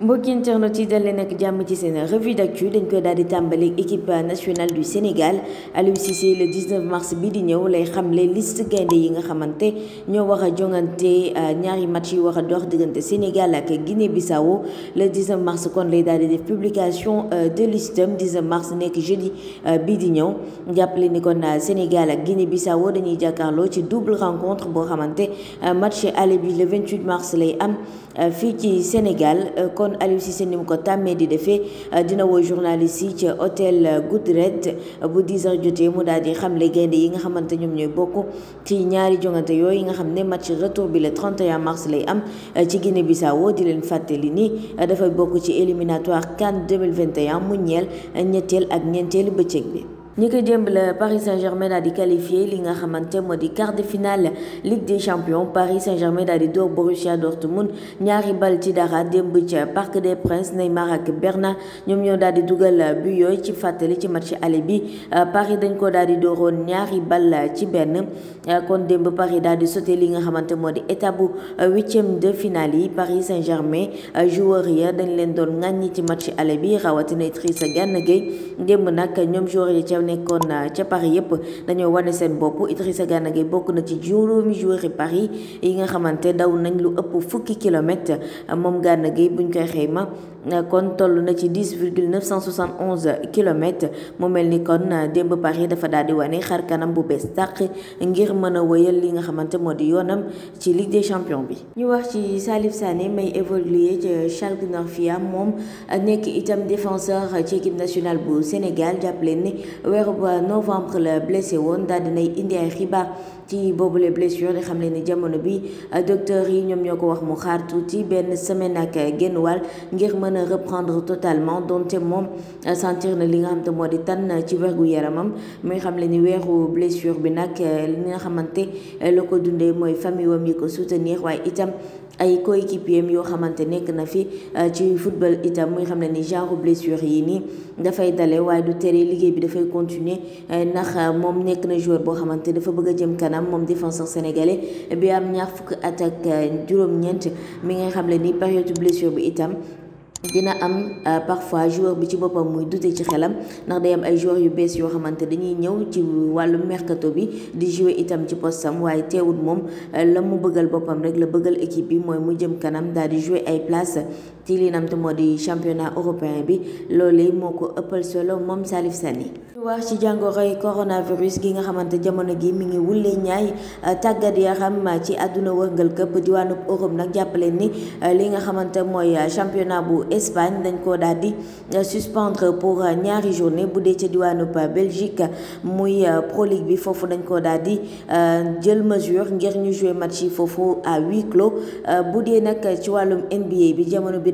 mbokki internet yi dal leen ak jàmm ci seen revue d'actu dañ ko daldi di tàmbali équipe nationale du Sénégal Aliou Cissé le 19 mars bi di ñew lay xamle liste gaynde yi nga xamanté ñoo war jonganté euh, ñaari match yi war dox diggante Sénégal ak Guinée Bissau le 19 mars kon lay daldi def publication euh, de listem 19 mars nek jeudi euh, bi di ñew jàppale ni kon Sénégal ak Guinée Bissau dañuy jakarlo ci double rencontre bo xamanté match aller bi le 28 mars lay am fi ci Sénégal kon Aliou Cissé ni mu ko tamé di defee dina woo journaliste ci hôtel Goodred bu 10 h jotté mu dadi xam lé gaynde yi nga xamanté ñom ñoy bokku ci ñaari jongante yoy nga xamné match retour bi le 31 mars lay am ci Guinée Bissau di leen fàttali ni dafay bokku ci éliminatoire CAN 2021 mu ñël ñetteel ak ñeenteelu bëccëg bi Paris Saint-Germain a qualifié li nga quart de finale Ligue des champions Paris Saint-Germain a Borussia Dortmund ñaari Tidara, ci Parc des Princes Neymar ak Berna, ñoom ñoo daal di bu euh, Paris Denko ko daal di ñaari bal ci benn euh, Paris a sauté li huitième de finale Paris Saint-Germain euh, joueur ya dañ leen doon ŋàññi ci match aller bi nekkoon ah, ca Paris yëpp dañoo wane seen bopp Idrissa Gana gi bokk na ci juróomi joueur Paris yi nga xamante daw nañ lu ëpp fukki kilomètre moom Gana Gueye buñ koy ma kon toll na ci 10,971 km 971 kilomètres mu mel kon démb Paris dafa daldi di wane xar kanam bu bees tàq ngir mën a li nga xamante moo di ci Ligue des champions bi. ñu wax ci Salif Sané may évoluer ci Charles 04 mom nek itam défenseur ci équipe nationale bu Sénégal jàppale ni weeru ba novembre le blessé won daldi nay indi ay xibaar. ci boobu les blessures xam leen ni jamono bi docteur yi ñoom ñoo wax mu xaar tuuti benn semaine ak genn wal ngir mën mën a reprendre totalement donté mom euh, sentir na li nga xam te modi tan ci wergu yaramam muy xam le ni weeru blessure bi nak euh, li nga xamanté euh, la dundé moy mooy famille wam yi ko soutenir way itam ay coéquipiers yo xamanté nek na fi ci football itam muy xam ne ni genre blessure yi ni da fay dalé way du téré ligue bi da fay continuer nak mom nek na joueur bo xamanté da fa bëgg jëm kanam mom défenseur sénégalais bi am ñaar fukk at ak juróom mi nga xam ne ni période blessure bi itam dina am euh, parfois joueur bi ci boppam muy dute ci xelam ndax day am ay joueurs yu bees yoo xamante dañuy ñëw ci wàllu mercato bi di jouer itam ci postam waaye teewul moom euh, la mu bëggal boppam rek la bëggal équipe bi mooy mu jëm kanam daal di jouer ay place ci li namtu di championnat européen bi lolé moko ëppal solo mom Salif Sani wax ci jàngoroy coronavirus gi nga xamanté jamono gi mi ngi wulé ñaay ya xam ci aduna wërngal këpp diwaanub Europe nak jàppale ni li nga xamanté moy championnat bu Espagne dañ ko daal suspendre pour ñaari journée boudé ci ca Belgique muy Pro League bi fofu dañ ko daal jël mesure ngir ñu jouer match yi à huis clos boudé nak ci walum NBA bi jamono bi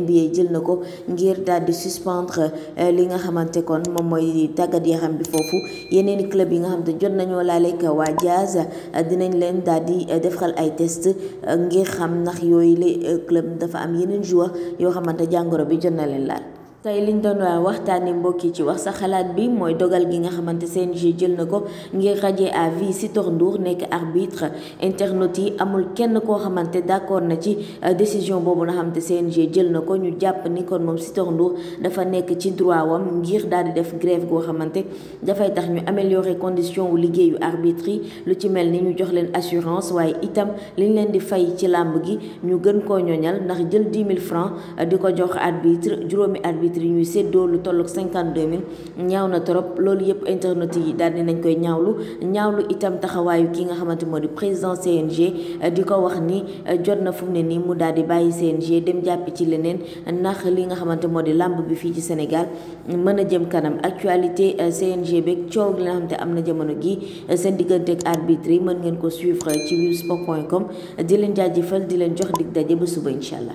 NBA jël na ko ngir daal di suspendre euh, li nga xamante kon moom mooy tàggat yaram bi foofu yeneen club yi nga xam te jot nañoo laaleeg waa Jazz dinañ leen daal di defal ay test ngir xam nax yooyu la euh, club dafa am yeneen joueur yoo xamante jàngoro bi jot na leen laal. tay liñ doon euh, waxtaanee mbokki ci wax sa xalaat bi moy dogal gi nga xamante CNG jël nako ngir radier à vie Sitor Ndour arbitre internautes amul kenn ko xamanté d'accord na ci euh, décision bobu nga xamante CNG jël nako ñu japp ni kon mom Sitor Ndour dafa nek ci droit wam ngir daal di def grève xamanté da fay tax ñu améliorer condition wu liggéeyu arbitre yi lu ci melni ñu jox leen assurance waye itam liñ leen di fay ci lamb gi ñu gën ko ñoñal ndax jël 10000 francs euh, diko jox arbitre juróomi arbitre arbitre yi ñuy séddoo lu tollu 52 mille ñaaw na torop loolu yëpp internet yi daal di nañ koy ñaawlu ñaawlu itam taxawaayu ki nga xamante moo di président CNG di ko wax ni jot na fu ne nii mu daal di bàyyi CNG dem jàppi ci leneen ndax li nga xamante moo di làmb bi fii ci Sénégal mën a jëm kanam actualité CNG beeg coow li nga am na jamono gi seen diggante ak arbitre yi mën ngeen ko suivre ci wiwsport point com di leen jaajëfal di leen jox dig daje ba suba incha allah